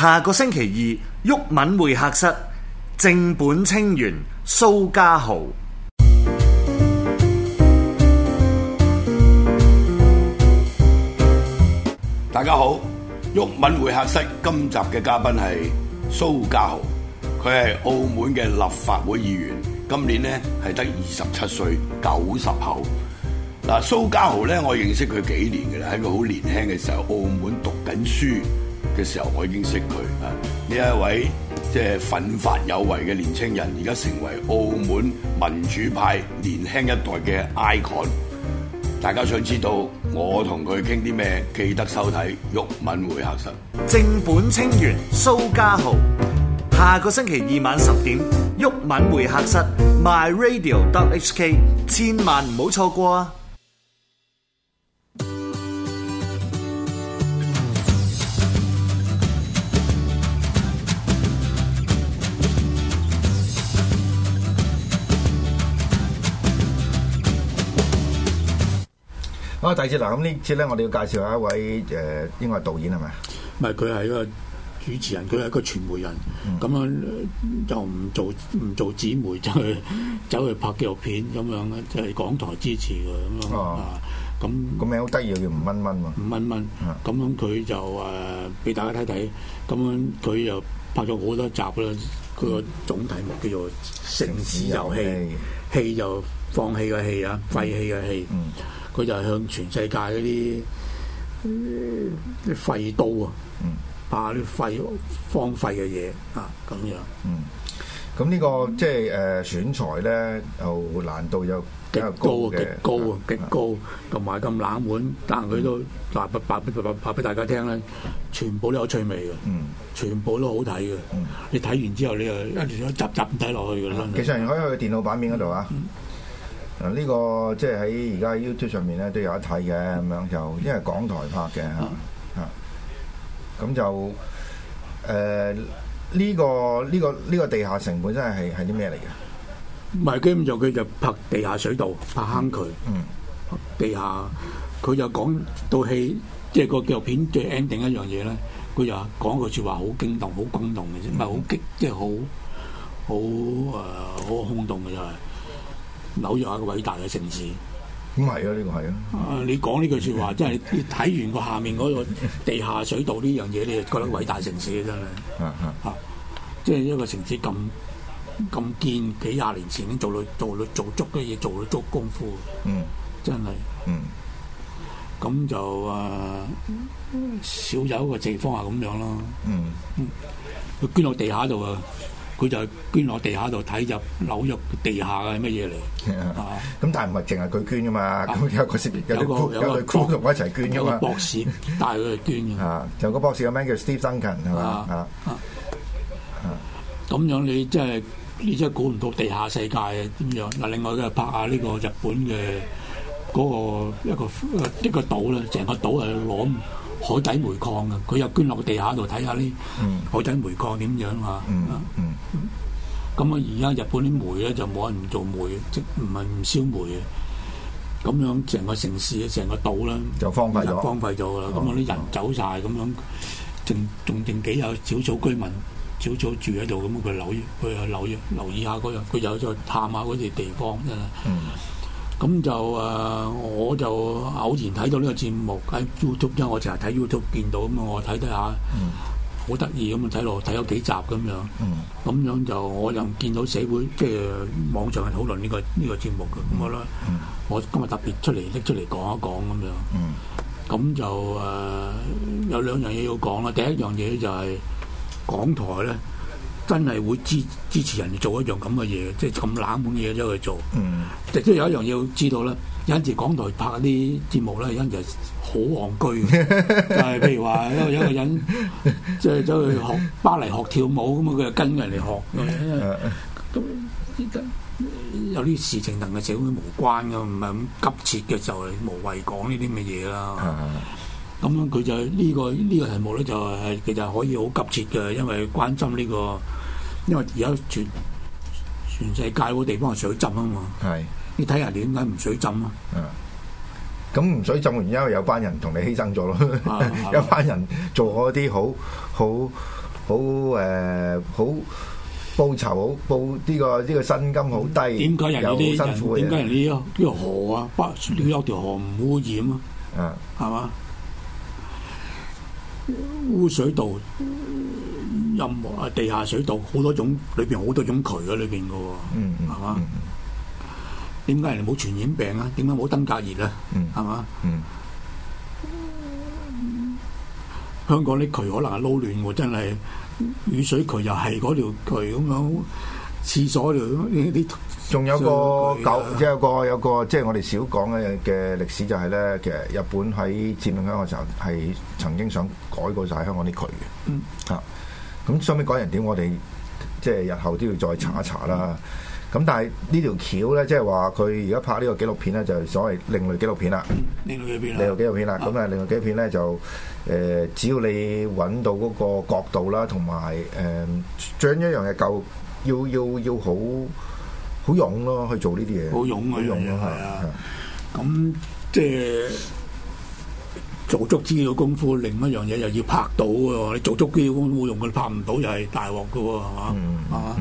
下個星期二，毓民會客室，正本清源，蘇家豪。大家好，毓民會客室今集嘅嘉賓係蘇家豪，佢係澳門嘅立法會議員，今年呢係得二十七歲，九十後。嗱，蘇家豪呢，我認識佢幾年嘅啦，喺佢好年輕嘅時候，澳門讀緊書。嘅時候，我已經識佢啊！呢一位即係奮發有為嘅年青人，而家成為澳門民主派年輕一代嘅 icon。大家想知道我同佢傾啲咩，記得收睇玉敏會客室。正本清源，蘇嘉豪，下個星期二晚十點，玉敏會客室 my radio dot hk，千萬唔好錯過啊！啊、第二次嗱，咁呢次咧，我哋要介紹下一位誒、呃，應該係導演係咪？唔係，佢係一個主持人，佢係一個傳媒人。咁樣、嗯、就唔做唔做紙媒，就 去走去拍紀錄片咁樣咧，即、就、係、是、港台支持佢咁咯。咁咁名好得意叫吳蚊蚊喎。吳蚊蚊。咁樣佢就誒俾、呃、大家睇睇，咁樣佢又拍咗好多集啦。佢個總題目叫做《城市遊戲》戲，戲就、嗯、放棄嘅戲啊，廢棄嘅戲。嗯。嗯。佢就係向全世界嗰啲啲廢刀啊，把啲廢荒廢嘅嘢啊，咁樣。嗯，咁呢個即係誒選材咧，又難度又極高嘅，極高，極高，同埋咁冷門，但係佢都拍俾大家聽咧，全部都有趣味嘅，嗯，全部都好睇嘅，你睇完之後，你就一集集睇落去㗎喇。其實可以去電腦版面嗰度啊。呢個即係喺而家 YouTube 上面咧都有得睇嘅，咁樣就，嗯、因為港台拍嘅嚇嚇，咁、啊嗯、就誒呢、呃，這個呢、這個呢、這個地下城本身係係啲咩嚟嘅？唔係，根本就佢就拍地下水道、拍坑渠，嗯，地下佢就講到戲，即、就、係、是、個紀錄片最 ending 一樣嘢咧，佢就講句說話好驚動、好轟動嘅啫，唔係好激，即係好好誒好轟動嘅就係。紐約係一個偉大嘅城市，咁係啊，呢個係啊。啊、嗯嗯，你講呢句說話，即係睇完個下面嗰個地下水道呢樣嘢，你就覺得偉大城市嘅啫。嗯吓，即係一個城市咁咁堅，幾廿年前做咗做咗做足嘅嘢，做咗足功夫。嗯。真、嗯、係。 嗯。咁就誒，少有一個地方係，咁樣咯。嗯。佢捐落地下度啊！佢就捐落地下度睇，就紐約地下嘅係乜嘢嚟？咁但係唔係淨係佢捐噶嘛？咁有個有有有個博士帶佢嚟捐嘅。啊！就個博士個名叫 Steve Duncan 係嘛？啊啊啊！咁樣你真係你真係估唔到地下世界點樣？嗱，另外都咧拍下呢個日本嘅嗰個一個一個島咧，成個島係攞。海底煤礦啊，佢又捐落地下度睇下啲海底煤礦點、嗯嗯、樣啊？咁啊，而家日本啲煤咧就冇人唔做煤，即唔係唔燒煤嘅，咁樣成個城市、成個島啦，就荒廢咗，荒廢咗啦。咁嗰啲人走晒，咁、哦哦、樣仲仲剩幾有少少居民、少少住喺度，咁佢留佢又留意留意，留意下嗰樣，佢有再探下嗰啲地方真係。嗯咁就誒、呃，我就偶然睇到呢個節目喺 YouTube，因為我成日睇 YouTube 見到，咁啊我睇睇下，好得意咁啊睇落睇咗幾集咁樣，咁、嗯、樣就我又見到社會即係網上係討論呢個呢、這個節目嘅咁啊啦，嗯、我今日特別出嚟拎出嚟講一講咁樣，咁、嗯、就誒、呃、有兩樣嘢要講啦，第一樣嘢就係、是、港台咧。真係會支支持人做一樣咁嘅嘢，即係咁冷門嘢都去做。嗯，亦都有一樣要知道啦。有陣時港台拍啲節目咧，有陣時好戇居。就係譬如話有有個人即係走去學芭蕾學跳舞，咁佢就跟人哋學。 都有啲事情同個社會無關嘅，唔係咁急切嘅，就係無謂講呢啲咁嘅嘢啦。咁佢 就呢、呢個呢、呢個題目咧、就係，就係其實可以好急切嘅，因為關心呢、呢個。因為而家全全世界嗰個地方係水浸啊嘛，是你睇人哋點解唔水浸啊？咁唔水浸嘅原因為有班人同你犧牲咗咯， 有班人做嗰啲好好好誒、呃、好報酬好報呢、呢個呢、呢個薪金好低。點解人哋啲辛苦？點解人哋呢啲河啊，北有條河唔污染啊？係嘛吧，污水道。啊，地下水道好多種，裏邊好多種渠喺裏邊嘅，係嘛？點解人哋冇傳染病啊？點解冇登革熱咧？係嘛？香港啲渠可能係撈亂喎，真係雨水渠又係嗰條渠咁樣，廁所條、那、咁、個。仲、那個、有個舊即係有個有個即係、就是、我哋少講嘅嘅歷史就係咧嘅，其實日本喺佔領香港嘅時候係曾經想改過晒香港啲渠嘅，啊、嗯。咁上面講人點，我哋即係日後都要再查一查啦。咁但係呢條橋咧，即係話佢而家拍呢個紀錄片咧，就係所謂另類紀錄片啦。另類紀錄片啦。咁啊的，另類紀錄片咧的就誒，只要你揾到嗰個角度啦，同埋誒，最、呃、一樣嘢夠，要要要好，好勇咯，去做呢啲嘢。好勇啊！係啊的！咁即係。做足資料功夫，另一樣嘢又要拍到喎。你做足資料功夫冇用，佢拍唔到又係大鑊嘅喎，係嘛？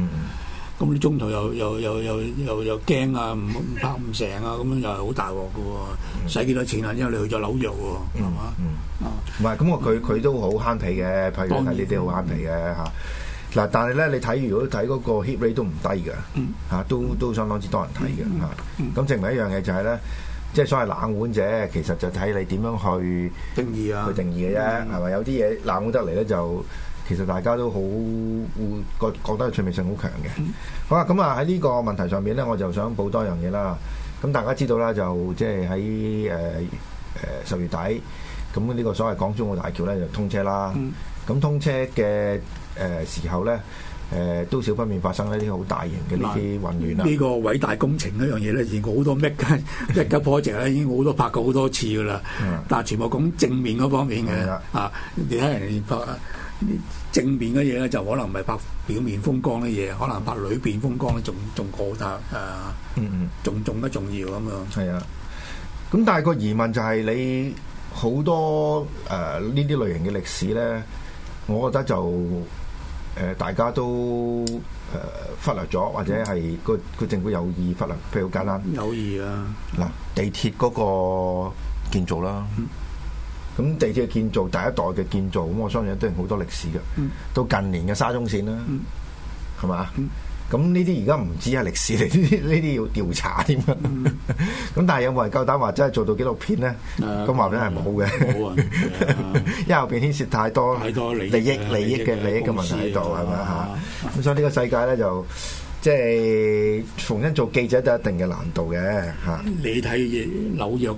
咁你中途又又又又又又驚啊，唔拍唔成啊，咁樣又係好大鑊嘅喎。使、啊、幾多錢啊？因為你去咗紐約喎，嘛、嗯？唔係吧，咁我佢佢都好慳皮嘅，譬如你哋好慳皮嘅嚇。嗱、啊，但係咧，你睇如果睇嗰個 hit rate 都唔低嘅，嚇、啊、都都相當之多人睇嘅嚇。咁證明一樣嘢就係咧。啊即係所謂冷碗啫，其實就睇你點樣去定義啊？去定義嘅啫，係咪、嗯、有啲嘢冷碗得嚟咧？就其實大家都好會覺覺得趣味性強、嗯、好強嘅。好啦，咁啊喺呢個問題上面咧，我就想補多樣嘢啦。咁大家知道啦，就即係喺誒誒十月底，咁呢個所謂港珠澳大橋咧就通車啦。咁、嗯、通車嘅誒時候咧。呃呃呃呃誒都少不免發生一啲好大型嘅呢啲混亂啦。呢個偉大工程樣呢樣嘢咧，而家好多 make make a project 咧，已經好多拍過好多次噶啦。 但係全部講正面嗰方面嘅啊，你睇 人拍正面嘅嘢咧，就可能唔係拍表面風光嘅嘢，可能拍裏邊風光仲仲過得誒。仲、啊、 重得重要咁樣。 係啊。咁但係個疑問就係你好多誒呢啲類型嘅歷史咧，我覺得就。 誒大家都誒忽略咗，或者係個個政府有意忽略，譬如好簡單，有意啊嗱，地鐵嗰個建造啦，咁、嗯、地鐵嘅建造第一代嘅建造，咁我相信都有好多歷史嘅，嗯、到近年嘅沙中線啦，係咪、嗯吧咁呢啲而家唔止係歷史嚟，呢啲要調查添。咁但係有冇人夠膽話真係做到紀錄片咧？咁話咧係冇嘅，因為後邊牽涉太多利益、利益嘅利益嘅問題喺度，係咪啊？咁所以呢個世界咧就即係逢身做記者都有一定嘅難度嘅嚇。你睇紐約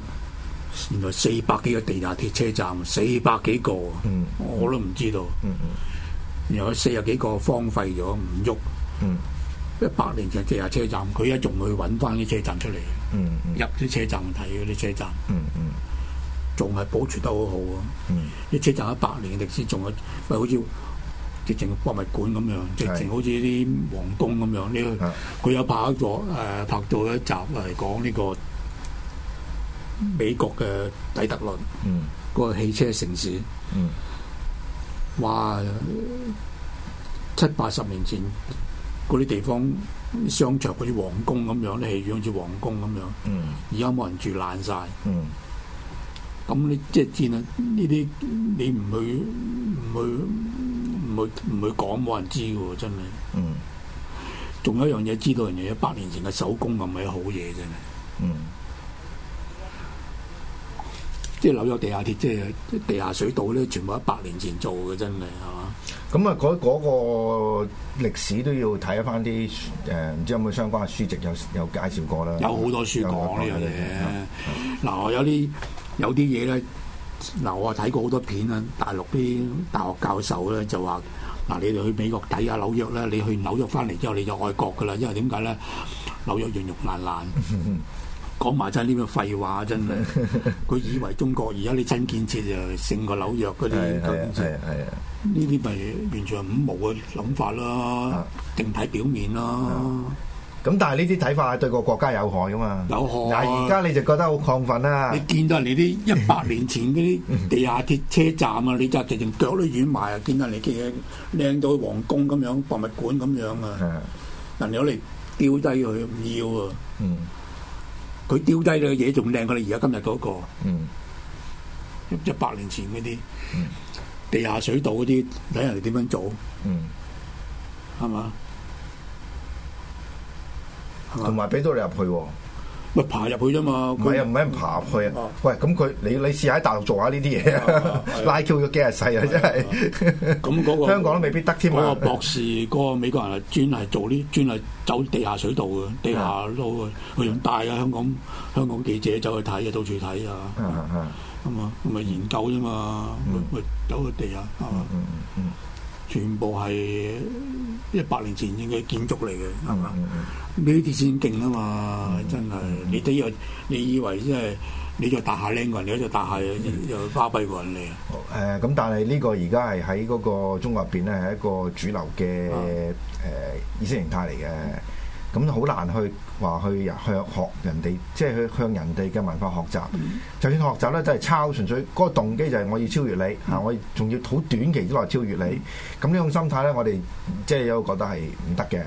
原來四百幾個地下鐵車站，四百幾個，我都唔知道。嗯嗯，然後四十幾個荒廢咗唔喐。一百年前，地下車站，佢而家仲去揾翻啲車站出嚟，嗯嗯、入啲車站睇嗰啲車站，仲係、嗯嗯、保存得好好啊！啲、嗯、車站一百年嘅歷史仲有咪，好似直情博物館咁樣，嗯、直情好似啲皇宮咁樣呢？佢、嗯、有拍咗誒、呃、拍到一集嚟講呢個美國嘅底特律，嗰、嗯、個汽車城市，哇、嗯，七八十年前，嗰啲地方商場，好似皇宮咁樣咧，戲院好似皇宮咁樣。嗯，而家冇人住，爛晒。嗯，咁你即係見啊？呢啲你唔去，唔去，唔去，唔去講，冇人知嘅喎，真係。嗯，仲有一樣嘢知道人，人哋一百年前嘅手工咁鬼好嘢，真係。嗯，即係紐約地下鐵，即係地下水道咧，全部一百年前做嘅，真係係嘛？咁啊，嗰嗰個歷史都要睇一翻啲誒，唔知有冇相關嘅書籍有有介紹過啦？有好多書講呢樣嘢。嗱，我有啲有啲嘢咧，嗱，我睇過好多片啦，大陸啲大學教授咧就話：嗱，你哋去美國睇下紐約啦，你去完紐約翻嚟之後你就愛國噶啦，因為點解咧？紐約樣樣爛爛，講埋真呢個廢話，真係佢以為中國而家啲真建設就成個紐約嗰啲係係啊！呢啲咪完全係五毛嘅諗法啦，淨睇、啊、表面啦、啊。咁、啊、但係呢啲睇法係對個國家有害噶嘛？有害、啊。而家你就覺得好亢奮啦、啊！你見到人哋啲一百年前嗰啲地下鐵車站啊， 你就直情腳都軟埋。見到人哋嘅嘢靚到去皇宮咁樣、博物館咁樣啊，啊人哋攞嚟丟低佢唔要啊！嗯，佢丟低嘅嘢仲靚過你而家今日嗰、那個。嗯，一百、嗯、年前嗰啲。嗯地下水道嗰啲睇人哋點樣做，嗯係嘛，係嘛，同埋俾到你入去，哦，喂爬入去啫嘛，佢又唔係人爬入去啊，喂咁佢你你試下喺大陸做下呢啲嘢，拉 Q 咗幾廿世啊真係，咁嗰、嗰個香港都未必得添，嗰個博士嗰個美國人係專係做呢專係走地下水道嘅，地下路啊，仲大啊香港香港記者走去睇啊，到處睇啊。咁啊，同埋研究啫嘛，咪走個地啊，係嘛，嗯嗯嗯、全部係一百年前嘅建築嚟嘅，係嘛，呢啲先勁啊嘛，真係、嗯嗯、你都要。你以為即係你做大廈靚過人，你做大廈又花費、嗯呃、過人咧？誒，咁但係呢個而家係喺嗰個中國入邊咧，係一個主流嘅誒意識形態嚟嘅。咁好難去話去向學人、即係、向人哋，即係去向人哋嘅文化學習。就算學習咧，都係抄，純粹嗰個動機就係我要超越你，嚇、嗯、我仲要好短期之內超越你。咁呢種心態咧，我哋即係有覺得係唔得嘅，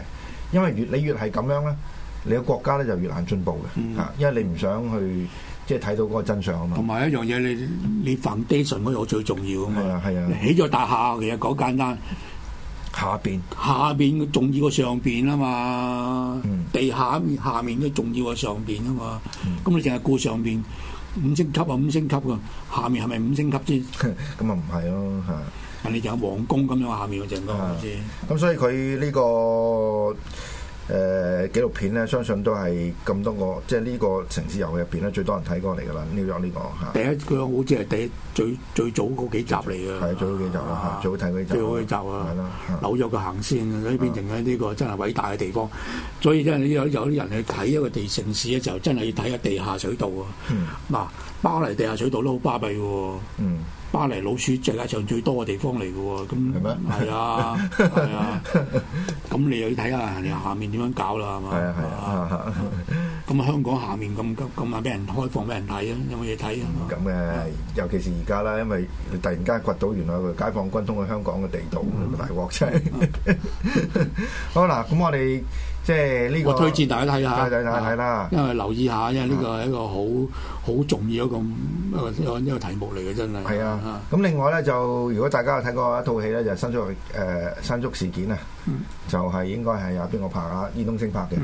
因為越你越係咁樣咧，你個國家咧就越難進步嘅，嚇、嗯，因為你唔想去即係睇到嗰個真相啊嘛。同埋一樣嘢，你你 foundation 嗰個最重要啊嘛，起咗、啊、大廈其實講簡單。下邊，下邊重要過上邊啊嘛，地下面下面都重要過上邊啊嘛，咁、嗯、你淨係顧上邊五星級啊，五星級啊，下面係咪五星級先？咁啊唔係咯，嚇，人哋就有皇宮咁樣下面嗰陣嗰啲，咁、啊嗯、所以佢呢、呢個。誒、呃、紀錄片咧，相信都係咁多個，即係呢個城市遊戲入邊咧，最多人睇過嚟㗎啦。呢、紐約呢個嚇，第一佢好似係第一最最早嗰幾集嚟嘅，係、啊、最早幾集啦，啊、最好睇嗰幾集。最好幾集啊，了啊扭咗個行線，所以變成咧呢個真係偉大嘅地方。所以真係你有有啲人去睇一個地城市嘅時候，真係要睇下地下水道、嗯、啊。嗱，巴黎地下水道都好巴閉喎。嗯。巴黎老鼠世界上最多嘅地方嚟㗎喎，咁係咩？係啊，係啊，咁你又要睇下你下面點樣搞啦，係嘛？係啊係啊，咁香港下面咁咁啊，俾人開放俾人睇啊，有冇嘢睇啊？咁嘅，尤其是而家啦，因為突然間掘到原來個解放軍通過香港嘅地道，大鑊真係，好嗱，咁我哋。即係呢個，我推薦大家睇下嚇，係啦，因為留意下，因為呢個係一個好好重要一個一個一個題目嚟嘅，真係。係啊，咁另外咧就，如果大家有睇過一套戲咧，就《新宿《誒新宿事件》啊，就係應該係由邊個拍啊？爾冬陞拍嘅。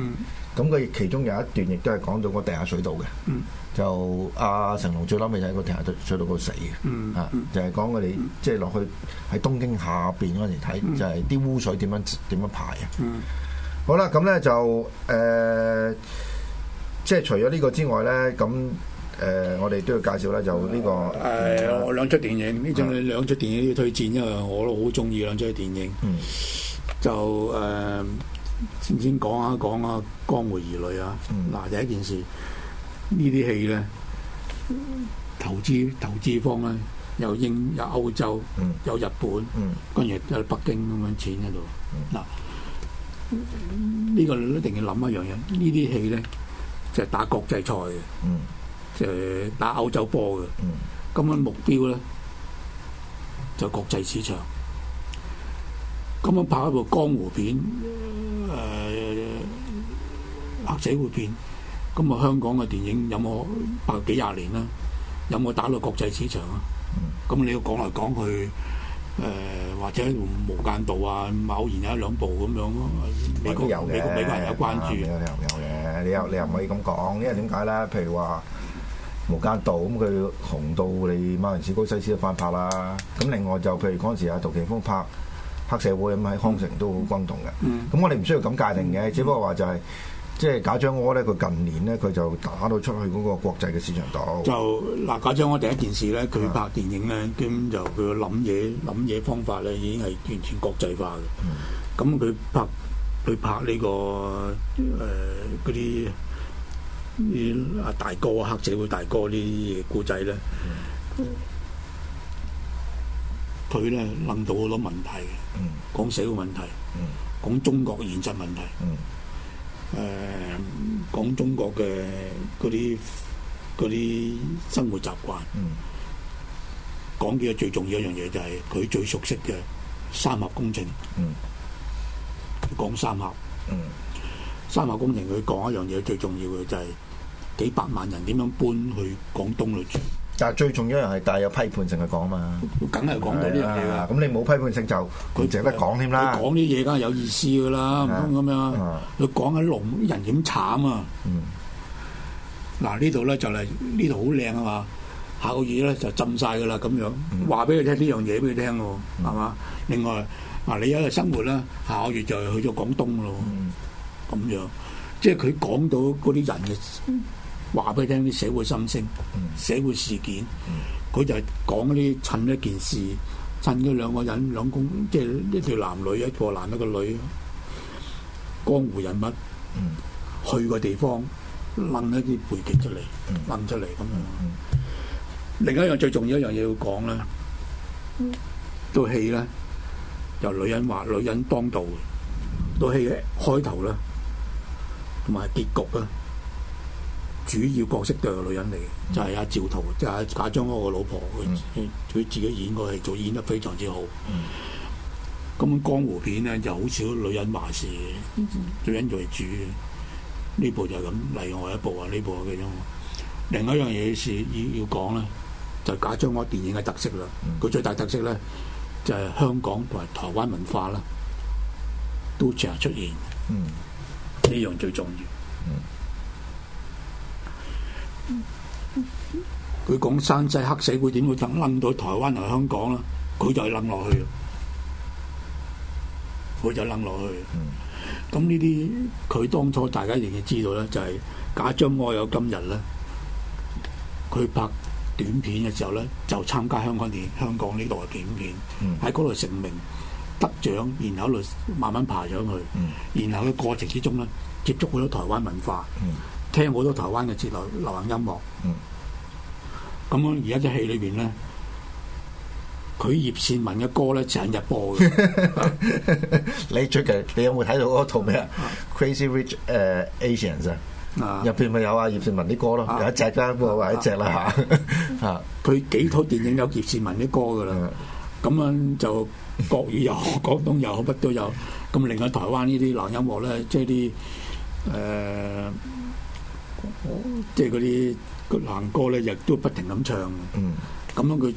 咁佢其中有一段亦都係講到個地下水道嘅，就阿成龍最嬲尾就喺個地下水水道嗰度死嘅，就係講佢哋即係落去喺東京下邊嗰陣時睇，就係啲污水點樣點樣排啊。好啦，咁咧就誒、呃，即係除咗呢個之外咧，咁誒、呃、我哋都要介紹咧，就呢、這個誒我、呃嗯、兩出電影，呢、嗯、種兩出電影都要推薦，因為我都好中意兩出電影。嗯、就誒、呃、先先講下講下《江湖兒女》啊，嗱、嗯、第一件事呢啲戲咧，投資投資方咧又英有歐洲，嗯、有日本，跟住、嗯、有北京咁樣錢喺度，嗱。呢個你一定要諗一樣嘢，呢啲戲咧就係、係、打國際賽嘅，就係、打歐洲波嘅。咁樣目標咧就係、國際市場。咁樣拍一部江湖片，誒、呃、黑社會片。咁啊，香港嘅電影有冇拍幾廿年啦？有冇打到國際市場啊？咁你要講嚟講去。誒、呃、或者無間道啊，偶然有一兩部咁樣咯。嗯、美國有嘅，美國人有關注。有有嘅，你又你又唔可以咁講，因為點解咧？譬如話無間道咁佢紅到你馬田史高西斯都翻拍啦。咁另外就譬如嗰陣時阿杜琪峰拍黑社會咁喺康城都好轟動嘅。咁、嗯嗯、我哋唔需要咁界定嘅，只不過話就係、是。嗯即係賈樟柯咧，佢近年咧，佢就打到出去嗰個國際嘅市場度。就嗱，賈樟柯第一件事咧，佢拍電影咧，咁就佢諗嘢、諗嘢方法咧，已經係完全國際化嘅。咁佢、嗯、拍佢拍呢、呢個誒嗰啲阿大哥、黑社會大哥啲嘢故仔咧，佢咧諗到好多問題嘅。嗯、講社會問題，嗯、講中國現實問題。嗯誒、呃、講中國嘅嗰啲啲生活習慣，嗯、講嘅最重要一樣嘢就係佢最熟悉嘅三峽工程。嗯、講三峽，嗯、三峽工程佢講一樣嘢最重要嘅就係幾百萬人點樣搬去廣東度住。但係最重要一樣係，帶有批判性去講啊嘛，梗係講到呢樣嘢啦。咁、啊、你冇批判性就佢淨得講添啦。講啲嘢梗係有意思噶啦，唔通咁樣？佢、啊、講啲農啲人點慘啊？嗱、嗯、呢度咧就嚟呢度好靚啊嘛，下個月咧就浸晒噶啦咁樣，話俾佢聽呢樣嘢俾佢聽咯，係嘛、嗯？另外嗱，你而家生活啦，下個月就去咗廣東咯，咁、嗯、樣即係佢講到嗰啲人嘅。話俾你聽啲社會心聲，社會事件，佢就係講啲趁一件事，趁咗兩個人兩公，即、就、係、是、一條男女，一個男一個女，江湖人物，去個地方，掹一啲背景出嚟，掹出嚟咁樣。另一樣最重要一樣嘢要講咧，套、嗯、戲咧由女人話，女人當道，套戲嘅開頭啦，同埋結局啦。主要角色都係女人嚟嘅，嗯啊，就係阿趙濤，就係賈樟柯個老婆，佢、嗯、自己演過戲，做演得非常之好。咁、嗯、江湖片咧就好少女人話事，最緊要係主。呢、嗯、部就係咁例外一部啊，呢部嘅啫。另外一樣嘢是要要講咧，就是，賈樟柯電影嘅特色啦。佢、嗯、最大特色咧就係、是，香港同埋台灣文化啦，都成日出現。呢樣最重要。佢講山寨黑社會點會掹到台灣同香港啦？佢就掹落去，佢就掹落去。咁呢啲佢當初大家亦要知道咧，就係假裝我有今日咧。佢拍短片嘅時候咧，就參加香港電影香港呢度嘅短片，喺嗰度成名得獎，然後嚟，慢慢爬上去，然後嘅過程之中咧，接觸好多台灣文化。聽好多台灣嘅節流流行音樂，嗯，咁樣而家隻戲裏邊咧，佢葉倩文嘅歌咧就係日播嘅。你最近你有冇睇到嗰套咩啊？Crazy Rich 誒 Asians 啊，入邊咪有阿葉倩文啲歌咯，有一隻啦，播埋一隻啦嚇。啊，佢幾套電影有葉倩文啲歌噶啦，咁樣就國語又好，廣東又好，乜都有。咁另外台灣呢啲流行音樂咧，即係啲誒。哦，即係嗰啲流行歌咧，亦都不停咁唱。嗯，咁樣佢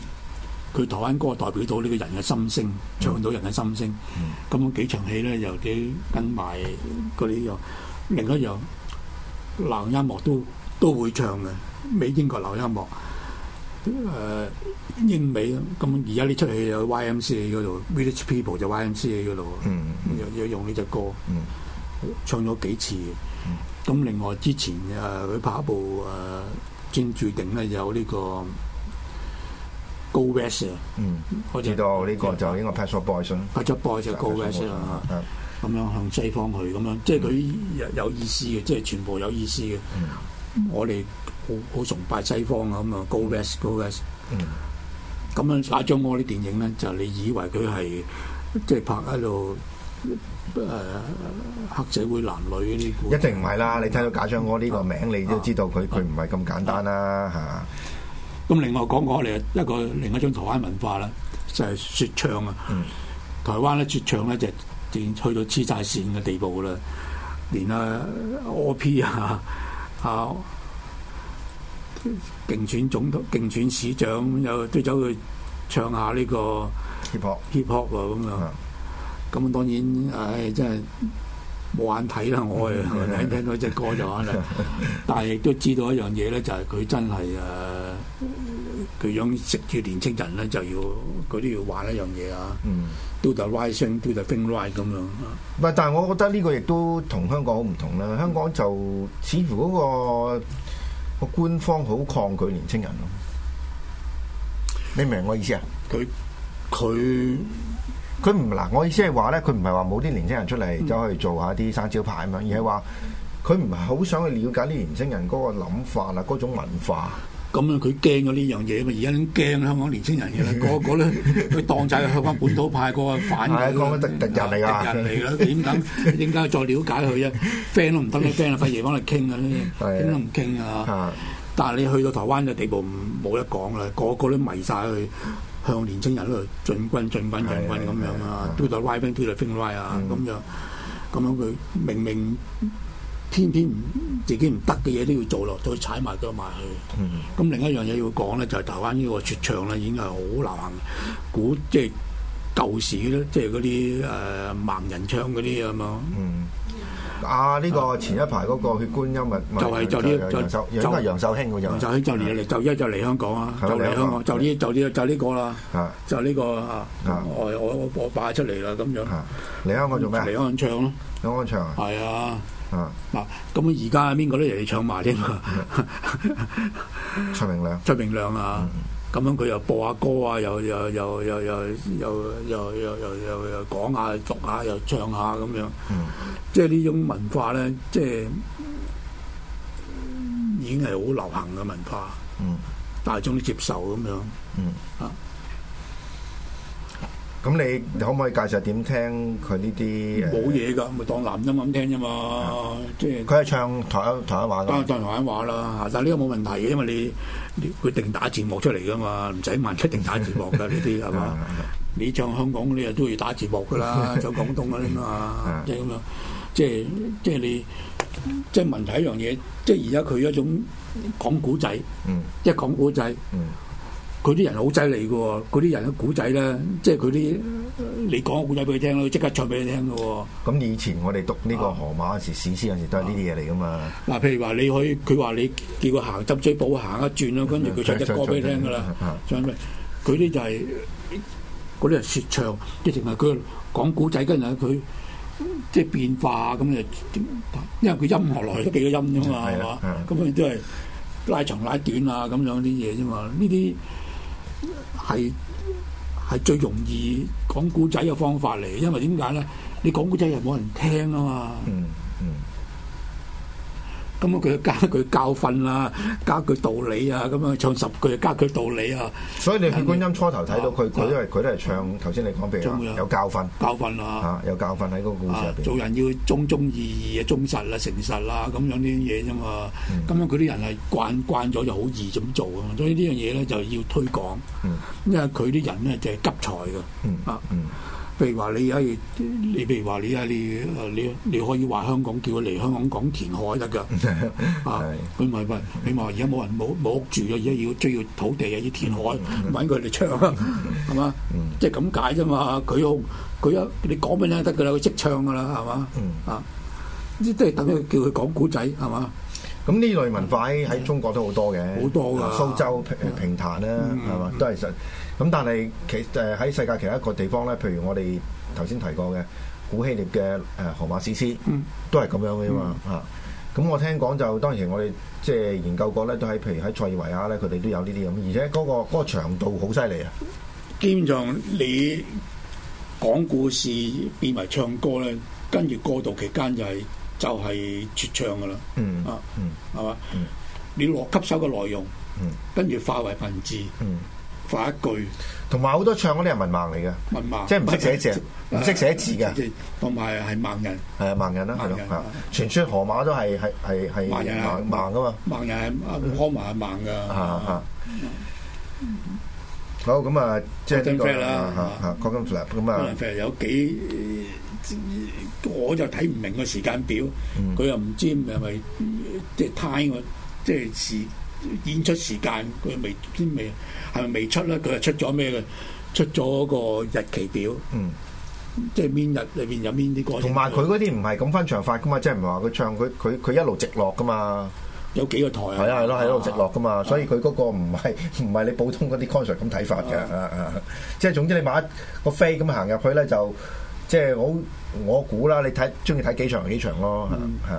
佢台灣歌代表到呢個人嘅心聲，嗯、唱到人嘅心聲。嗯，咁樣幾場戲咧又啲跟埋嗰啲又另一樣流行音樂都都會唱嘅，美英國流行音樂。誒、呃，英美咁而家呢出戲有 YMCA 嗰度 Village People 就 YMCA 嗰度。要又用呢隻歌。嗯。裡唱咗幾次，咁另外之前誒佢拍一部誒《天、啊、注定》咧，有呢個 Go West 啊，嗯，知道呢個就應該 Pet Shop Boys、嗯嗯嗯、Pet Shop Boys 就 Go、嗯嗯嗯嗯、West 咁、啊、樣向西方去，咁樣即係佢有意思嘅，即係全部有意思嘅。嗯嗯、我哋好好崇拜西方啊，咁啊 Go West，Go West，咁樣拍中我啲電影咧，就你以為佢係即係拍喺度。都黑社會男女呢啲，一定唔係啦！嗯、你睇到假張哥呢個名，啊、你都知道佢佢唔係咁簡單啦嚇。咁另外講講，你一個另一種台灣文化啦，就係、是、說唱啊。嗯、台灣咧，說唱咧，就係去到黐晒線嘅地步啦。連啊、uh,，OP 啊，啊競選總統、競選市長，又都走去唱下呢、這個 hip hop，hip hop 喎咁啊。咁當然，唉，真係冇眼睇啦！我係 聽聽嗰隻歌就係， 但係亦都知道一樣嘢咧，就係、是、佢真係誒，佢、啊、想識住年青人咧，就要佢都要玩一樣嘢啊！嗯，Do the right thing，do the thing right 咁樣。唔係，但係我覺得呢個亦都同香港好唔同啦。香港就似乎嗰個，個官方好抗拒年青人咯。你明唔明我意思啊？佢佢。佢唔嗱，我意思係話咧，佢唔係話冇啲年青人出嚟走去做下啲生招牌咁樣，而係話佢唔係好想去了解啲年青人嗰個諗法啊，嗰種文化。咁樣佢驚咗呢樣嘢啊，而家都驚香港年青人嘅啦，個個咧佢當就係香港本土派個反，係講緊敵人嚟㗎，人嚟㗎，點解點解再了解佢啫？friend 都唔得咩 friend 啊，費事揾佢傾啊，點都唔傾啊。但係你去到台灣嘅地步，冇得講啦，個個都迷晒佢。向年青人度進軍進軍進軍咁樣啊，都嚟歪飛，都嚟飛歪啊咁樣，咁樣佢明明天天唔自己唔得嘅嘢都要做落，再踩埋再埋去。咁、嗯、另一樣嘢要講咧，就係、是、台灣呢個絕唱咧，已經係好流行嘅古即係舊時咯，即係嗰啲誒盲人唱嗰啲啊嘛。嗯啊！呢個前一排嗰個血觀音咪就係就呢就就因為楊秀興喎，就就喺就嚟就一就嚟香港啊！就嚟香港，就呢就呢就呢個啦，就呢個啊！我我我擺出嚟啦咁樣嚟香港做咩啊？嚟香港唱咯，香港唱係啊啊！咁而家邊個都嚟唱埋添啊！蔡明亮，蔡明亮啊！咁樣佢又播下歌啊，又又又又又又又又又又又講下讀下又唱下咁樣，嗯，即係呢種文化咧，即係已經係好流行嘅文化，嗯，大眾都接受咁樣，嗯啊。pursue 咁你，可唔可以介紹點聽佢呢啲？冇嘢噶，咪當南音咁聽啫嘛。即係佢係唱台灣台灣話嘅。當台灣話啦，但係呢個冇問題嘅，因為你，佢定打字幕出嚟噶嘛，唔使問出定打字幕㗎呢啲係嘛？你唱香港，你啊都要打字幕㗎啦，唱廣東嗰啲嘛，即係咁樣，即係即係你，即係問題一樣嘢，即係而家佢一種講古仔，即係講古仔。佢啲人好犀利㗎喎，嗰啲人嘅古仔咧，即係佢啲你講個古仔俾佢聽咧，即刻唱俾佢聽㗎喎。咁、嗯嗯嗯、以前我哋讀呢個河馬嘅時史詩嗰時都係呢啲嘢嚟嘅嘛。嗱、嗯，譬如話你可以佢話你叫佢行深水埗行一轉啦，跟住佢唱隻歌俾你聽㗎啦。佢啲就係嗰啲係説唱，即係淨係佢講古仔，跟住佢即係變化咁嘅。因為佢音樂來都幾個音啫嘛，係嘛？咁佢都係拉長拉短啊咁樣啲嘢啫嘛。呢啲係係最容易講古仔嘅方法嚟，因為點解咧？你講古仔又冇人聽啊嘛。嗯嗯咁佢加佢教訓啦，加佢道理啊，咁啊，唱十句加佢道理啊。所以你去觀音初頭睇到佢，佢、啊、因為佢都係唱頭先、啊、你講俾我，有教訓。啊、教訓啊！嚇、啊，有教訓喺嗰個故事入邊、啊。做人要忠忠義義啊，忠實啊、誠實啦，咁樣呢啲嘢啫嘛。咁樣佢啲人係慣慣咗就好易咁做啊嘛。所以呢樣嘢咧就要推廣。啊啊、因為佢啲人咧就係急財嘅。啊。嗯、啊。啊。譬如話你而家，你譬如話你而家你，你你可以話香港叫佢嚟香港講填海得㗎啊！佢唔係，你話而家冇人冇冇屋住啊！而家要追要土地啊！要填海揾佢嚟唱啊，係嘛？即係咁解啫嘛！佢佢一你講乜嘢得㗎啦？佢識唱㗎啦，係嘛？啊！即係等佢叫佢講古仔，係嘛？咁呢類文化喺喺中國都好多嘅，好多啊！蘇州評評彈啦，係嘛？都係實。咁但係其實喺世界其他一個地方咧，譬如我哋頭先提過嘅古希臘嘅誒荷馬史詩，嗯，都係咁樣嘅嘛嚇。咁、嗯啊、我聽講就當然，我哋即係研究過咧，都喺譬如喺塞爾維亞咧，佢哋都有呢啲咁，而且嗰、那個嗰、那個、長度好犀利啊！基本上你講故事變埋唱歌咧，跟住過渡期間就係、是、就係、是、絕唱噶啦，嗯啊，嗯係嘛？嗯，吧嗯你落吸收嘅內容，嗯，跟住化為文字，嗯。發一句，同埋好多唱嗰啲係文盲嚟嘅，文盲即係唔識寫字，唔識寫字嘅，同埋係盲人，係啊盲人啦，係咯，全村河馬都係係係係盲人啊，盲噶嘛，盲人係唔可盲係盲噶，嚇嚇。好咁啊，即係點講啦？嚇嚇，鋼琴手咁啊，有幾，我就睇唔明個時間表，佢又唔知係咪即係太我即係遲。演出時間佢未先未係咪未出咧？佢又出咗咩嘅？出咗個日期表，嗯，即係邊日裏邊有邊啲歌。同埋佢嗰啲唔係咁分場法噶嘛？即係唔係話佢唱佢佢佢一路直落噶嘛？有幾個台啊？係啊係咯係一路直落噶嘛？所以佢嗰個唔係唔係你普通嗰啲 concert 咁睇法嘅。即係總之你買一個飛咁行入去咧，就即係好我估啦。你睇中意睇幾場幾場咯。嗯嗯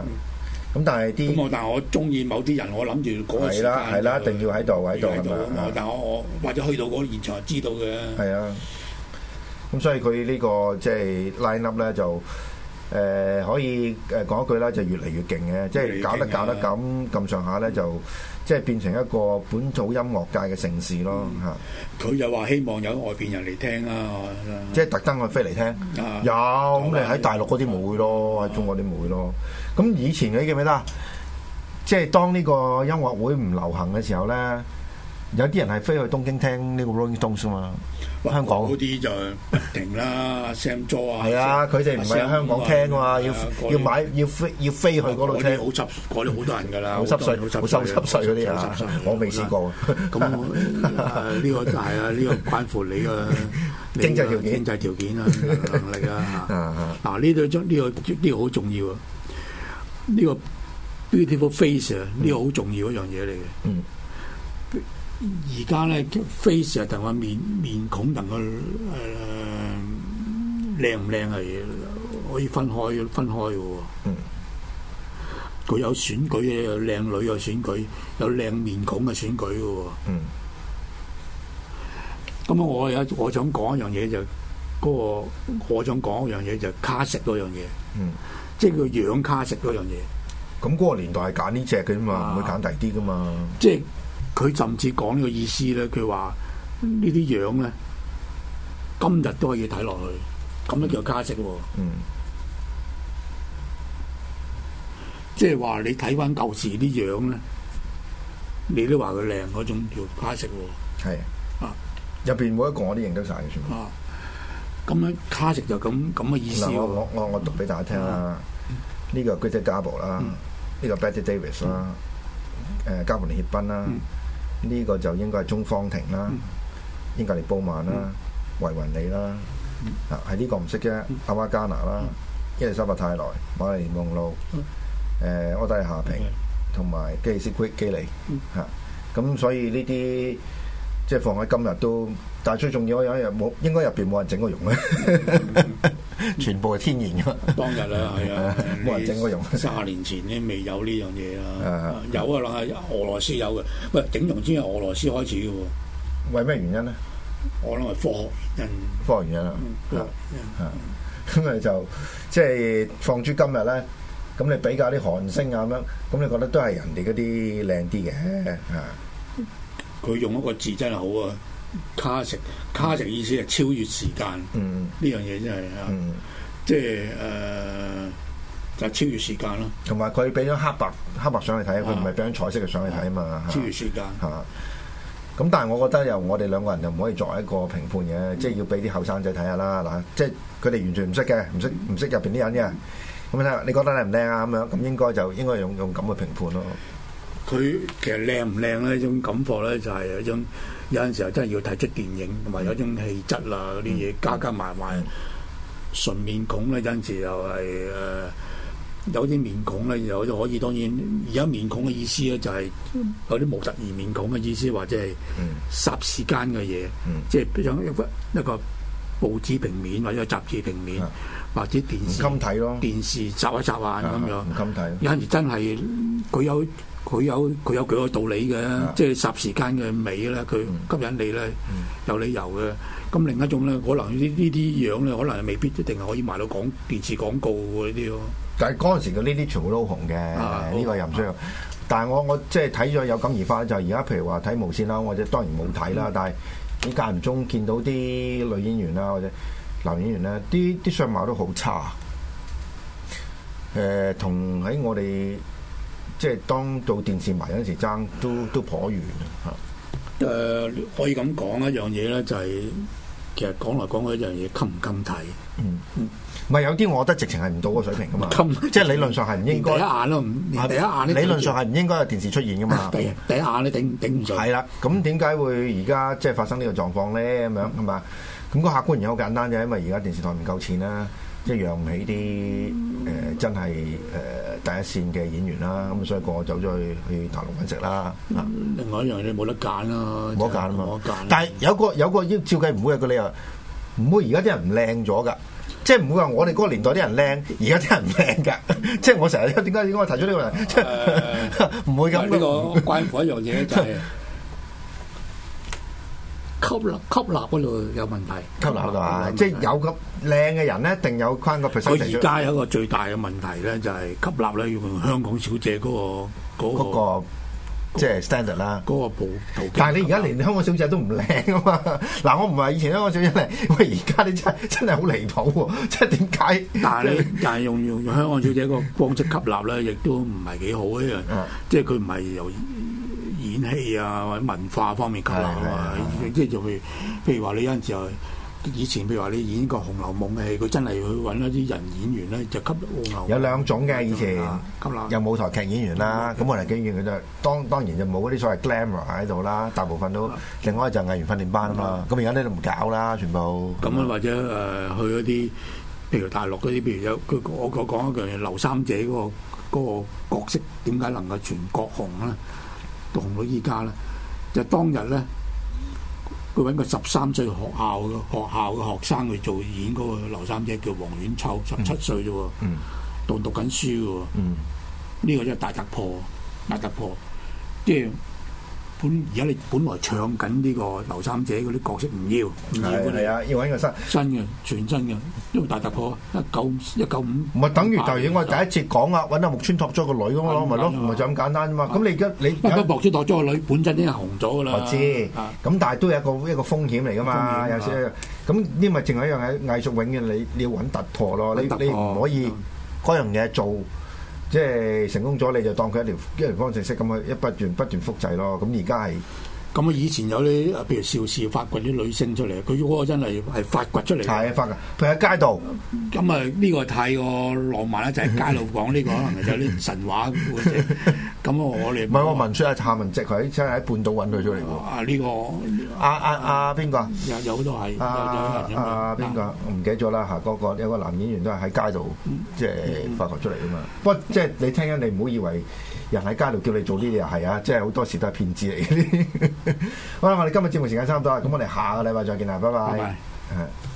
咁但係啲咁我但係我中意某啲人，我諗住嗰個時間係啦，一、啊啊、定要喺度，喺度係咪？但我我或者去到嗰現場就知道嘅。係啊，咁所以佢呢個即係 lineup 咧就。誒可以誒講一句啦，就越嚟越勁嘅，即係搞得搞得咁咁上下咧，就即係變成一個本土音樂界嘅盛事咯。嚇！佢又話希望有外邊人嚟聽啊，即係特登去飛嚟聽。有咁你喺大陸嗰啲冇去咯，喺中國啲冇去咯。咁以前你記唔記得？即係當呢個音樂會唔流行嘅時候咧，有啲人係飛去東京聽呢個 Rolling Stones 啊嘛。香港嗰啲就停啦，Sam Joe 啊，係啊，佢哋唔係喺香港聽嘛，要要買要飛要飛去嗰度聽。好濕，嗰啲好多人噶啦，好濕碎，好濕碎啲我未試過。咁呢個就係啊，呢個關乎你個經濟條件、經濟條件啦、能力啦。嗱，呢度呢個呢個好重要啊！呢個 Beautiful Face 啊，呢個好重要一樣嘢嚟嘅。嗯。而家咧，face 又同埋面面孔，同個誒靚唔靚係可以分開分開嘅。佢、嗯、有選舉嘅，有靚女嘅選舉，有靚面孔嘅選舉嘅。嗯。咁啊、嗯，我有我想講一樣嘢就嗰、是那個，我想講一樣嘢就卡士嗰樣嘢。嗯、即係個樣卡士嗰樣嘢。咁嗰、嗯嗯、個年代係揀呢隻嘅啫嘛，唔會揀第啲噶嘛。啊、即係。佢甚至講呢個意思咧，佢話呢啲樣咧，今日都可以睇落去，咁樣叫卡式喎、哦。嗯。即係話你睇翻舊時啲樣咧，你都話佢靚嗰種叫卡式喎。啊！入邊每一個我都認得晒，嘅，全部、啊。咁樣卡式就咁咁嘅意思喎、哦。我我我讀俾大家聽啦。呢、嗯嗯、個嘉寶啦，呢、嗯、個 Bette Davis 啦、嗯，誒嘉芙蓮協賓啦。呢個就應該係中方亭啦，英格利布曼啦，維雲利啦，啊，喺呢個唔識嘅，阿馬加拿啦，伊麗莎白泰來，瑪麗蓮夢露，誒，柯德莉夏萍，同埋基斯奎基利嚇，咁所以呢啲即係放喺今日都，但係最重要我有一日冇，應該入邊冇人整過容咧。全部係天然噶，當日啦，係啊，冇人整過容。卅年前咧，未有呢樣嘢啊。有啊，啦，俄羅斯有嘅，喂，整容先係俄羅斯開始嘅，喂，咩原因咧？我諗係科學原因。科學原因啦，啊，咁咪就即係放諸今日咧，咁你比較啲韓星啊咁樣，咁你覺得都係人哋嗰啲靚啲嘅啊？佢用一個字真係好啊！卡式卡式意思係超越時間，呢、嗯、樣嘢真係啊！即係誒，就係，超越時間咯。同埋佢俾張黑白黑白相嚟睇，佢唔係俾張彩色嘅相嚟睇啊嘛。超越時間吓，咁、啊、但係我覺得由我哋兩個人就唔可以作為一個評判嘅，嗯、即係要俾啲後生仔睇下啦。嗱、嗯，即係佢哋完全唔識嘅，唔識唔識入邊啲人嘅。咁樣，你覺得靚唔靚啊？咁樣，咁應該就應該用用咁嘅評判咯。佢、嗯、其實靚唔靚咧？呢種感覺咧，就係有一種。有陣時候真係要睇出電影，同埋有種氣質啊，嗰啲嘢加加埋埋。嗯、純面孔咧有陣時又係誒，有啲面孔咧又可以，當然而家面孔嘅意思咧就係有啲模特兒面孔嘅意思，或者係霎時間嘅嘢，即係一個一個報紙平面或者個雜誌平面，啊、或者電視。唔敢睇咯。電視霎下霎下咁樣。唔敢睇。有陣時真係佢有。佢有佢有佢個道理嘅，的即係霎時間嘅美咧，佢吸引你咧，嗯、有理由嘅。咁另一種咧，可能呢呢啲樣咧，可能未必一定係可以賣到廣電視廣告嗰啲咯。但係嗰陣時嘅呢啲全部都好紅嘅，呢、啊、個又唔需要。啊啊、但係我我即係睇咗有感而發，就係而家譬如話睇無線啦，或者當然冇睇啦，嗯、但係你間唔中見到啲女演員啦或者男演員咧，啲啲相貌都好差。誒、呃，同喺我哋。即係當做電視迷嗰陣時爭，都都頗遠啊！嚇，誒可以咁講一樣嘢咧，就係其實講來講去一樣嘢，襟唔襟睇？嗯，唔係有啲我覺得直情係唔到個水平噶嘛，不即係理論上係唔應該。第一眼咯，第一眼、啊、理論上係唔應該有電視出現噶嘛。第一眼你頂頂唔住。係啦，咁點解會而家即係發生呢個狀況咧？咁樣係嘛？咁個客觀原因好簡單嘅，因為而家電視台唔夠錢啦、啊。即係養唔起啲誒、呃、真係誒、呃、第一線嘅演員啦，咁、啊、所以個個走咗去去大陸揾食啦。啊、另外一樣嘢冇得揀咯、啊，冇是得揀嘛、啊。啊、但係有個有個要照計唔會有個理由，唔會而家啲人唔靚咗㗎，即係唔會話我哋嗰個年代啲人靚，而家啲人唔靚㗎。即係、嗯、 我成日都點解我提出呢個問題？唔、哎、 會咁。呢、哎呢個關乎一樣嘢就係。 吸納吸納嗰度有問題，吸納度啊！即係有咁靚嘅人咧，一定有佢個 personality。佢而家有一個最大嘅問題咧，就係吸納咧，要用香港小姐嗰個嗰個即係 standard 啦。嗰個保但係你而家連香港小姐都唔靚啊嘛！嗱，我唔係以前香港小姐靚，喂而家你真係真係好離譜喎！即係點解？但係你但係用用香港小姐個方式吸納咧，亦都唔係幾好啊！即係佢唔係由。演戲啊，或者文化方面吸流啊，即係譬如，譬如話你有陣時又以前，譬如話你演個《紅樓夢》嘅戲，佢真係去揾一啲人演員咧，就吸蝸牛。有兩種嘅以前吸流，有舞台劇演員啦，咁我哋見完佢就當當然就冇嗰啲所謂 glamour 喺度啦。大部分都另外就藝員訓練班啊嘛，咁而家咧都唔搞啦，全部咁或者誒去一啲，譬如大陸嗰啲，譬如有我我講一句，劉三姐嗰個嗰個角色點解能夠全國紅咧？讀到紅到依家咧，就、當日咧，佢揾個十三歲學校學校嘅學生去做演嗰個劉三姐，叫黃婉秋，十七歲啫喎，讀讀緊書嘅喎，嗯、呢個真係大突破，嗯、大突破，即係。本而家你本來唱緊呢個劉三姐嗰啲角色唔要，唔要佢嚟啊！要揾個新新嘅，全新嘅，因為大突破一九一九五，唔係等於頭先我第一次講啦，揾阿木村拓咗個女咁咯，咪咯，唔係就咁簡單啫嘛。咁你而家你阿木村拓咗個女，本身已經紅咗㗎啦。我知咁，但係都有一個一個風險嚟㗎嘛。有時咁呢？咪淨係一樣藝藝術永遠你你要揾突破咯，你你唔可以嗰樣嘢做。即係成功咗，你就當佢一條，一條方程式咁樣，一不斷、不斷複製咯。咁而家係。咁啊！以前有啲，譬如邵氏發掘啲女性出嚟，佢嗰個真係係發掘出嚟。係啊，發掘，佢喺街度，咁啊，呢個太過浪漫啦，就喺街度講呢個，可能有啲神話。咁我哋唔係我文叔係夏文汐佢真係喺半島揾佢出嚟喎。啊，呢個阿阿阿邊個？有好多係。阿阿邊個？唔記得咗啦吓。嗰個有個男演員都係喺街度，即係發掘出嚟㗎嘛。不過即係你聽緊，你唔好以為。人喺街度叫你做呢啲又係啊，即係好多時都係騙子嚟嘅。呢啲好啦，我哋今日節目時間差唔多啦，咁我哋下個禮拜再見啦，拜拜。拜拜。